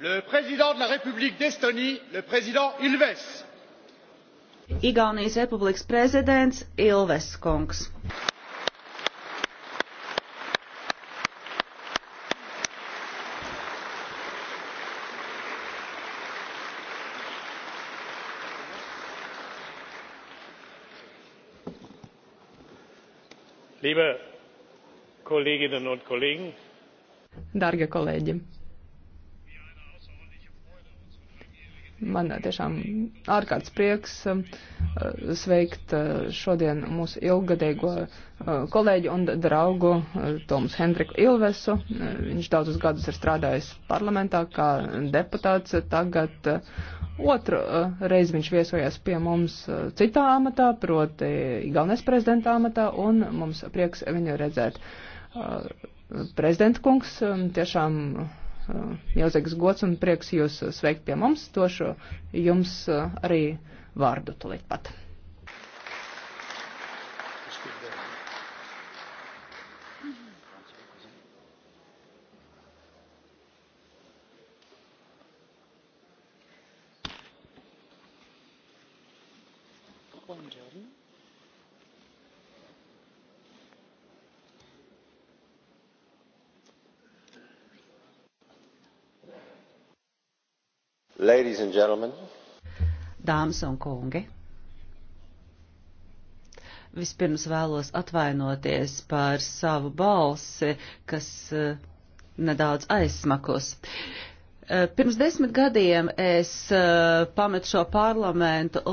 le président de la République d'Estonie, le président Ilves. Igaunijas republikas prezidents Ilves kungs. Liebe Kolleginnen und Kollegen, Dargie kolēģi! Man tiešām ārkārtas prieks um, uh, sveikt uh, šodien mūsu ilgadēgo uh, kolēģi un draugu Tomas Hendriku Ilvesu. Viņš daudzus gadus ir strādājis parlamentā kā deputāts. Tagad otru reizi viņš viesojās pie mums citā amatā, proti Igaunijas prezidenta amatā, un mums prieks viņu redzēt. Prezidenta kungs um, tiešām milzīgs eh, gods un prieks jūs eh, sveikt pie mums. Došu jums eh, arī vārdu tulīt pat. Buongiorno. Ladies and gentlemen. Dāmas un kungi. Vispirms vēlos atvainoties par savu balsi, kas eh, nedaudz aizsmakus. Eh, pirms desmit gadiem es eh, pametu šo parlamentu.